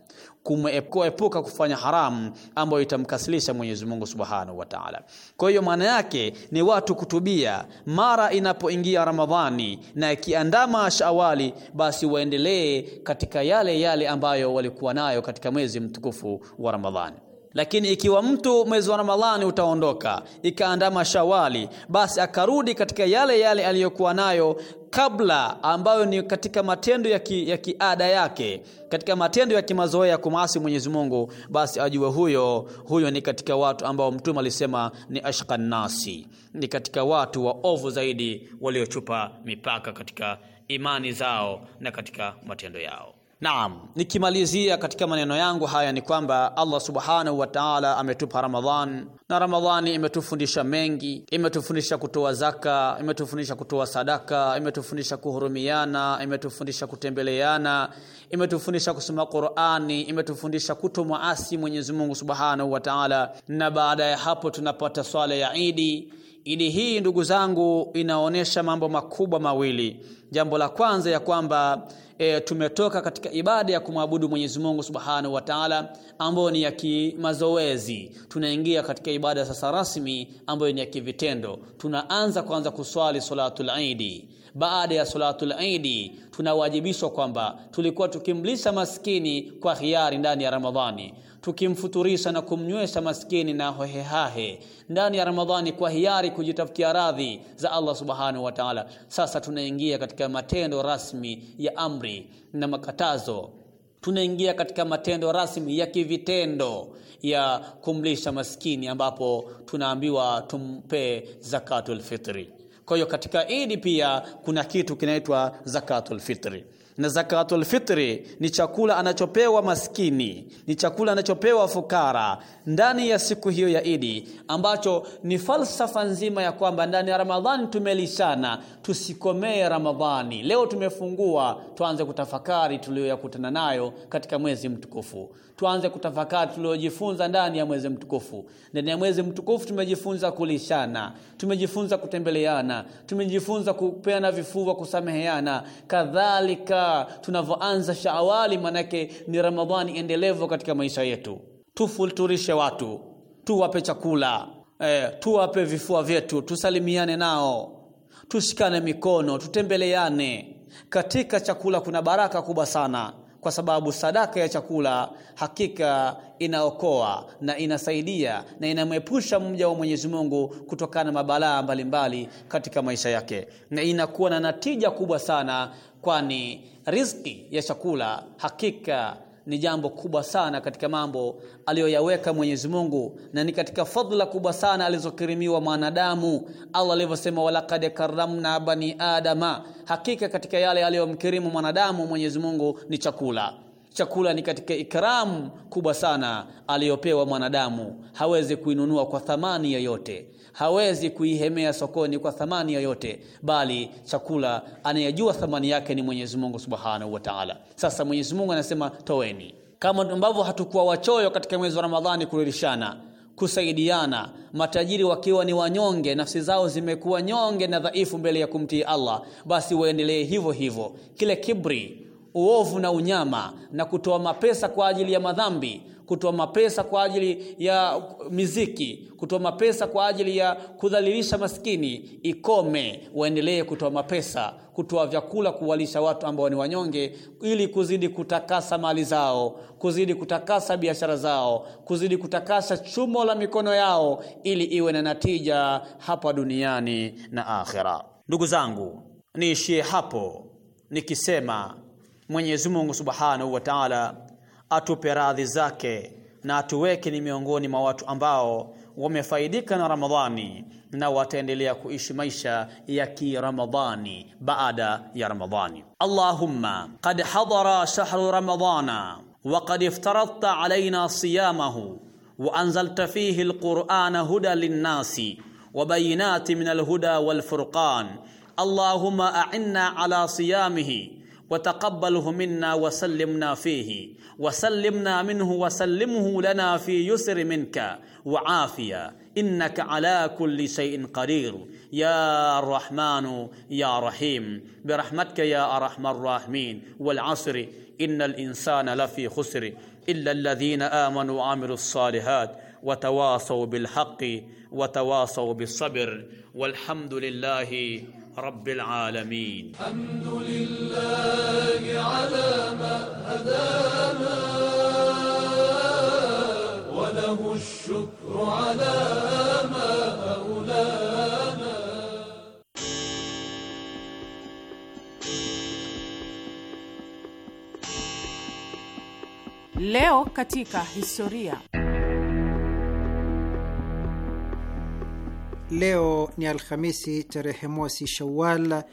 kuepuka kufanya haramu ambayo itamkasilisha Mwenyezi Mungu Subhanahu wa Ta'ala. Kwa hiyo maana yake ni watu kutubia mara inapoingia Ramadhani na ikiandama Shawali, basi waendelee katika yale yale ambayo walikuwa nayo katika mwezi mtukufu wa Ramadhani. Lakini ikiwa mtu mwezi wa Ramadhani utaondoka ikaandama Shawali, basi akarudi katika yale yale aliyokuwa nayo kabla ambayo ni katika matendo ya, ki, ya kiada yake katika matendo ya kimazoea kumasi Mwenyezi Mungu basi ajue huyo huyo ni katika watu ambao mtume alisema ni ashqan nasi ni katika watu wa ovu zaidi waliochupa mipaka katika imani zao na katika matendo yao Naam, nikimalizia katika maneno yangu haya ni kwamba Allah subhanahu wa taala ametupa Ramadhan na Ramadhani imetufundisha mengi, imetufundisha kutoa zaka, imetufundisha kutoa sadaka, imetufundisha kuhurumiana, imetufundisha kutembeleana, imetufundisha kusoma Qur'ani, imetufundisha kutomwaasi Mwenyezi Mungu subhanahu wa taala, na baada ya hapo tunapata swala ya Idi. Idi hii ndugu zangu, inaonyesha mambo makubwa mawili. Jambo la kwanza ya kwamba e, tumetoka katika ibada ya kumwabudu Mwenyezi Mungu Subhanahu wa Ta'ala ambayo ni ya kimazoezi. Tunaingia katika ibada sasa rasmi ambayo ni ya kivitendo. Tunaanza kwanza kuswali salatul Eid. Baada ya salatul Eid tunawajibishwa kwamba tulikuwa tukimlisha maskini kwa hiari ndani ya Ramadhani tukimfuturisha na kumnywesha maskini na hohehahe ndani ya Ramadhani kwa hiari kujitafutia radhi za Allah subhanahu wa ta'ala. Sasa tunaingia katika matendo rasmi ya amri na makatazo tunaingia katika matendo rasmi ya kivitendo ya kumlisha maskini ambapo tunaambiwa tumpe zakatul fitri. Kwa hiyo katika Idi pia kuna kitu kinaitwa zakatul fitri na zakatul fitri ni chakula anachopewa maskini, ni chakula anachopewa fukara ndani ya siku hiyo ya Idi, ambacho ni falsafa nzima ya kwamba ndani ya Ramadhani tumelishana, tusikomee Ramadhani. Leo tumefungua, tuanze kutafakari tuliyoyakutana nayo katika mwezi mtukufu tuanze kutafakari tuliojifunza ndani ya mwezi mtukufu. Ndani ya mwezi mtukufu tumejifunza kulishana, tumejifunza kutembeleana, tumejifunza kupeana vifua, kusameheana. Kadhalika tunavyoanza Shaawali, manake ni Ramadhani endelevu katika maisha yetu. Tufuturishe watu, tuwape chakula eh, tuwape vifua vyetu, tusalimiane nao, tushikane mikono, tutembeleane. Katika chakula kuna baraka kubwa sana kwa sababu sadaka ya chakula hakika inaokoa na inasaidia na inamwepusha mja wa Mwenyezi Mungu kutokana na mabalaa mbalimbali katika maisha yake, na inakuwa na natija kubwa sana, kwani riziki ya chakula hakika ni jambo kubwa sana katika mambo aliyoyaweka Mwenyezi Mungu na ni katika fadhila kubwa sana alizokirimiwa mwanadamu. Allah alivyosema, walaqad karramna bani adama, hakika katika yale aliyomkirimu mwanadamu Mwenyezi Mungu ni chakula. Chakula ni katika ikramu kubwa sana aliyopewa mwanadamu, hawezi kuinunua kwa thamani yoyote hawezi kuihemea sokoni kwa thamani yoyote, bali chakula anayejua thamani yake ni Mwenyezi Mungu Subhanahu wa Ta'ala. Sasa Mwenyezi Mungu anasema toweni, kama ambavyo hatukuwa wachoyo katika mwezi wa Ramadhani kurudishana kusaidiana, matajiri wakiwa ni wanyonge, nafsi zao zimekuwa nyonge na dhaifu mbele ya kumtii Allah, basi waendelee hivyo hivyo. Kile kibri, uovu na unyama na kutoa mapesa kwa ajili ya madhambi kutoa mapesa kwa ajili ya miziki kutoa mapesa kwa ajili ya kudhalilisha maskini ikome waendelee kutoa mapesa kutoa vyakula kuwalisha watu ambao ni wanyonge ili kuzidi kutakasa mali zao kuzidi kutakasa biashara zao kuzidi kutakasa chumo la mikono yao ili iwe na natija hapa duniani na akhera ndugu zangu niishie hapo nikisema mwenyezi mungu subhanahu wa taala atupe radhi zake na atuweke ni miongoni mwa watu ambao wamefaidika na Ramadhani na wataendelea kuishi maisha ya kiramadhani baada ya Ramadhani. Allahumma qad hadara shahru ramadana wa qad iftaradta alayna siyamahu wa anzalta fihi alqur'ana huda linnasi wa bayinati min alhuda walfurqan Allahumma a'inna ala siyamihi وتقبله منا وسلمنا فيه وسلمنا منه وسلمه لنا في يسر منك وعافيه انك على كل شيء قدير يا الرحمن يا رحيم برحمتك يا ارحم الراحمين والعصر ان الانسان لفي خسر الا الذين امنوا وعملوا الصالحات وتواصوا بالحق وتواصوا بالصبر والحمد لله رب العالمين الحمد لله على ما هدانا وله الشكر على ما أولانا Leo katika historia. Leo ni Alhamisi tarehe mosi Shawal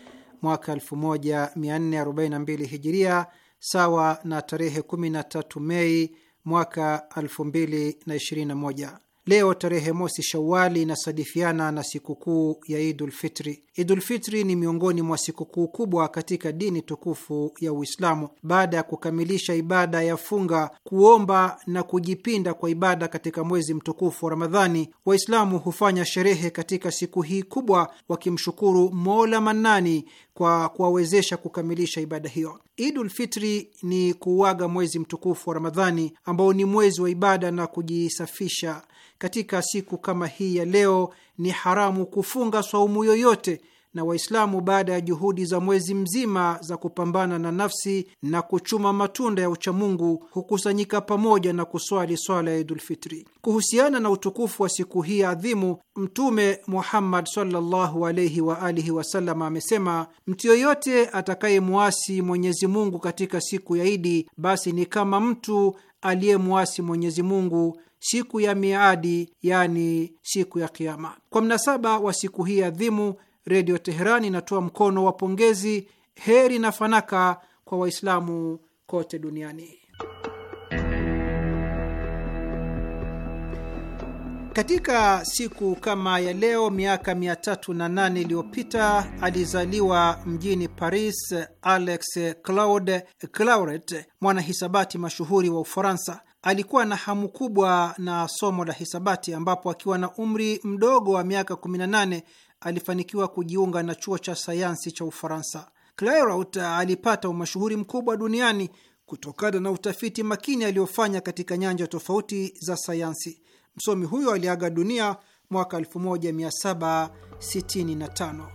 mwaka 1442 Hijiria, sawa na tarehe 13 Mei mwaka 2021. Leo tarehe mosi Shawali inasadifiana na sikukuu ya Idulfitri. Idulfitri ni miongoni mwa sikukuu kubwa katika dini tukufu ya Uislamu. Baada ya kukamilisha ibada ya funga, kuomba na kujipinda kwa ibada katika mwezi mtukufu wa Ramadhani, Waislamu hufanya sherehe katika siku hii kubwa, wakimshukuru Mola Manani kwa kuwawezesha kukamilisha ibada hiyo. Idul Fitri ni kuuaga mwezi mtukufu wa Ramadhani ambao ni mwezi wa ibada na kujisafisha. Katika siku kama hii ya leo, ni haramu kufunga swaumu yoyote na Waislamu baada ya juhudi za mwezi mzima za kupambana na nafsi na kuchuma matunda ya uchamungu hukusanyika pamoja na kuswali swala ya Idulfitri. Kuhusiana na utukufu wa siku hii adhimu, Mtume Muhammad sallallahu alaihi wa alihi wasallam amesema, mtu yoyote atakayemwasi Mwenyezi Mungu katika siku ya Idi, basi ni kama mtu aliyemwasi Mwenyezi Mungu siku ya miadi, yani siku ya Kiama. Kwa mnasaba wa siku hii adhimu Redio Teheran inatoa mkono wa pongezi, heri na fanaka kwa Waislamu kote duniani. Katika siku kama ya leo miaka 308 iliyopita alizaliwa mjini Paris Alex Claude Clairaut, mwanahisabati mashuhuri wa Ufaransa. Alikuwa na hamu kubwa na somo la hisabati, ambapo akiwa na umri mdogo wa miaka 18 alifanikiwa kujiunga na chuo cha sayansi cha Ufaransa. Clairaut alipata umashuhuri mkubwa duniani kutokana na utafiti makini aliyofanya katika nyanja tofauti za sayansi. Msomi huyo aliaga dunia mwaka 1765.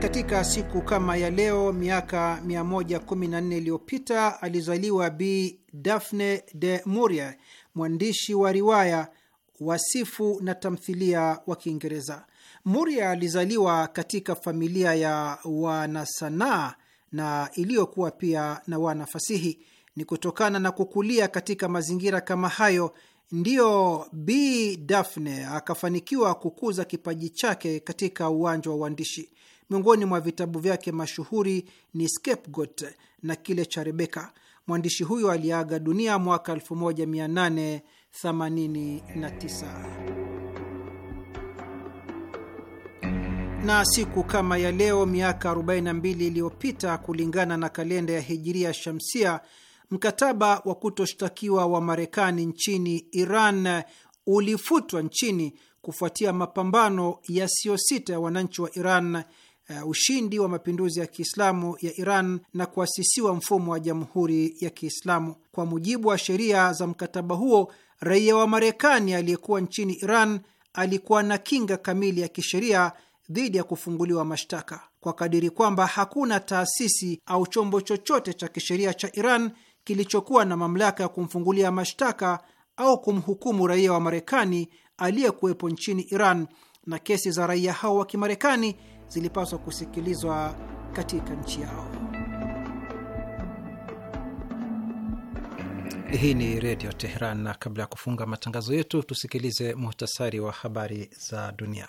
Katika siku kama ya leo miaka 114 iliyopita alizaliwa Bi Daphne de Maurier, mwandishi wa riwaya wasifu na tamthilia wa Kiingereza. muria alizaliwa katika familia ya wanasanaa na iliyokuwa pia na wanafasihi. Ni kutokana na kukulia katika mazingira kama hayo ndiyo B Daphne akafanikiwa kukuza kipaji chake katika uwanja wa uandishi. Miongoni mwa vitabu vyake mashuhuri ni Scapegoat na kile cha Rebeka. Mwandishi huyo aliaga dunia mwaka 1800 89 na siku kama ya leo miaka 42 iliyopita kulingana na kalenda ya hijiria shamsia, mkataba wa kutoshtakiwa wa Marekani nchini Iran ulifutwa nchini kufuatia mapambano yasiyosita ya wananchi wa Iran, uh, ushindi wa mapinduzi ya Kiislamu ya Iran na kuasisiwa mfumo wa jamhuri ya Kiislamu. Kwa mujibu wa sheria za mkataba huo, raia wa Marekani aliyekuwa nchini Iran alikuwa na kinga kamili ya kisheria dhidi ya kufunguliwa mashtaka kwa kadiri kwamba hakuna taasisi au chombo chochote cha kisheria cha Iran kilichokuwa na mamlaka ya kumfungulia mashtaka au kumhukumu raia wa Marekani aliyekuwepo nchini Iran, na kesi za raia hao wa Kimarekani zilipaswa kusikilizwa katika nchi yao. Hii ni Redio Teheran, na kabla ya kufunga matangazo yetu tusikilize muhtasari wa habari za dunia.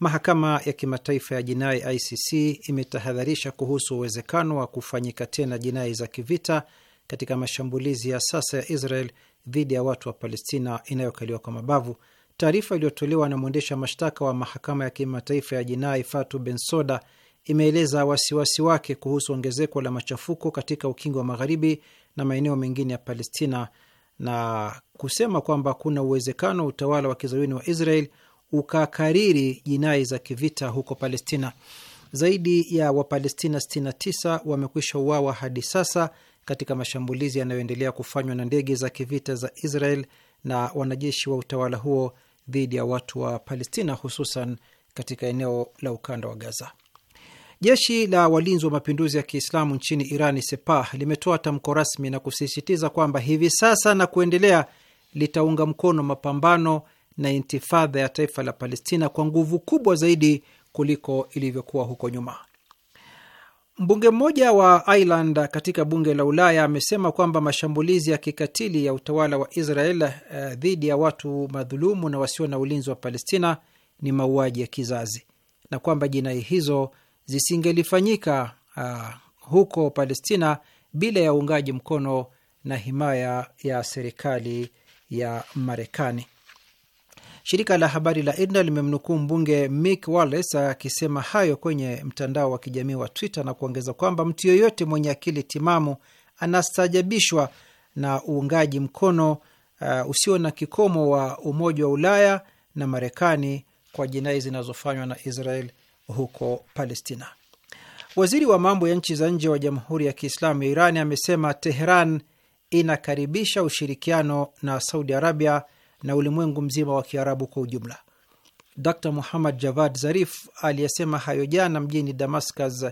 Mahakama ya kimataifa ya jinai ICC imetahadharisha kuhusu uwezekano wa kufanyika tena jinai za kivita katika mashambulizi ya sasa ya Israel dhidi ya watu wa Palestina inayokaliwa kwa mabavu. Taarifa iliyotolewa na mwendesha mashtaka wa mahakama ya kimataifa ya jinai Fatu Bensoda imeeleza wasiwasi wake kuhusu ongezeko la machafuko katika ukingo wa magharibi na maeneo mengine ya Palestina na kusema kwamba kuna uwezekano wa utawala wa kizayuni wa Israel ukakariri jinai za kivita huko Palestina. Zaidi ya Wapalestina 69 wamekwisha uawa hadi sasa katika mashambulizi yanayoendelea kufanywa na ndege za kivita za Israel na wanajeshi wa utawala huo dhidi ya watu wa Palestina, hususan katika eneo la ukanda wa Gaza. Jeshi la walinzi wa mapinduzi ya Kiislamu nchini Irani, Sepah, limetoa tamko rasmi na kusisitiza kwamba hivi sasa na kuendelea litaunga mkono mapambano na intifadha ya taifa la Palestina kwa nguvu kubwa zaidi kuliko ilivyokuwa huko nyuma. Mbunge mmoja wa Ireland katika bunge la Ulaya amesema kwamba mashambulizi ya kikatili ya utawala wa Israel uh, dhidi ya watu madhulumu na wasio na ulinzi wa Palestina ni mauaji ya kizazi na kwamba jinai hizo zisingelifanyika uh, huko Palestina bila ya uungaji mkono na himaya ya serikali ya Marekani. Shirika la habari la IRNA limemnukuu mbunge Mick Wallace akisema hayo kwenye mtandao wa kijamii wa Twitter na kuongeza kwamba mtu yeyote mwenye akili timamu anastajabishwa na uungaji mkono uh, usio na kikomo wa Umoja wa Ulaya na Marekani kwa jinai zinazofanywa na Israel huko Palestina. Waziri wa mambo ya nchi za nje wa Jamhuri ya Kiislamu ya Iran amesema Teheran inakaribisha ushirikiano na Saudi Arabia na ulimwengu mzima wa Kiarabu kwa ujumla. Dr Muhammad Javad Zarif aliyesema hayo jana mjini Damascus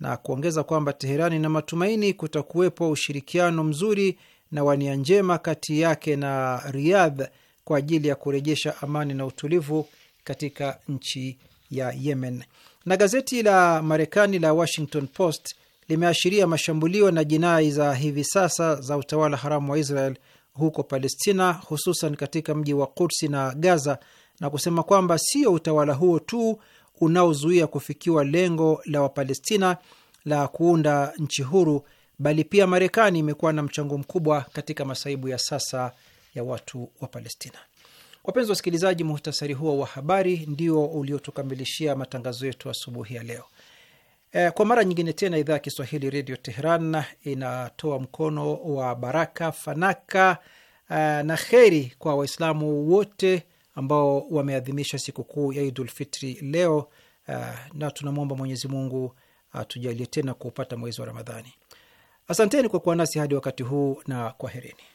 na kuongeza kwamba Teherani ina matumaini kutakuwepo ushirikiano mzuri na wania njema kati yake na Riyadh kwa ajili ya kurejesha amani na utulivu katika nchi ya Yemen. Na gazeti la Marekani la Washington Post limeashiria mashambulio na jinai za hivi sasa za utawala haramu wa Israel huko Palestina, hususan katika mji wa Kudsi na Gaza, na kusema kwamba sio utawala huo tu unaozuia kufikiwa lengo la Wapalestina la kuunda nchi huru, bali pia Marekani imekuwa na mchango mkubwa katika masaibu ya sasa ya watu wa Palestina. Wapenzi wasikilizaji, muhtasari huo wa habari ndio uliotukamilishia matangazo yetu asubuhi ya leo. E, kwa mara nyingine tena idhaa ya Kiswahili Redio Teheran inatoa mkono wa baraka, fanaka e, na kheri kwa Waislamu wote ambao wameadhimisha sikukuu ya Idul Fitri leo e, na tunamwomba Mwenyezi Mungu atujalie tena kuupata mwezi wa Ramadhani. Asanteni kwa kuwa nasi hadi wakati huu na kwaherini.